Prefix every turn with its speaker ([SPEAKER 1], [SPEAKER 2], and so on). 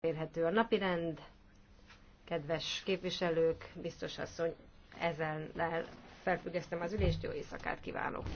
[SPEAKER 1] érhető a napirend. Kedves képviselők, biztos asszony, ezzel felfüggesztem az ülést, jó éjszakát kívánok!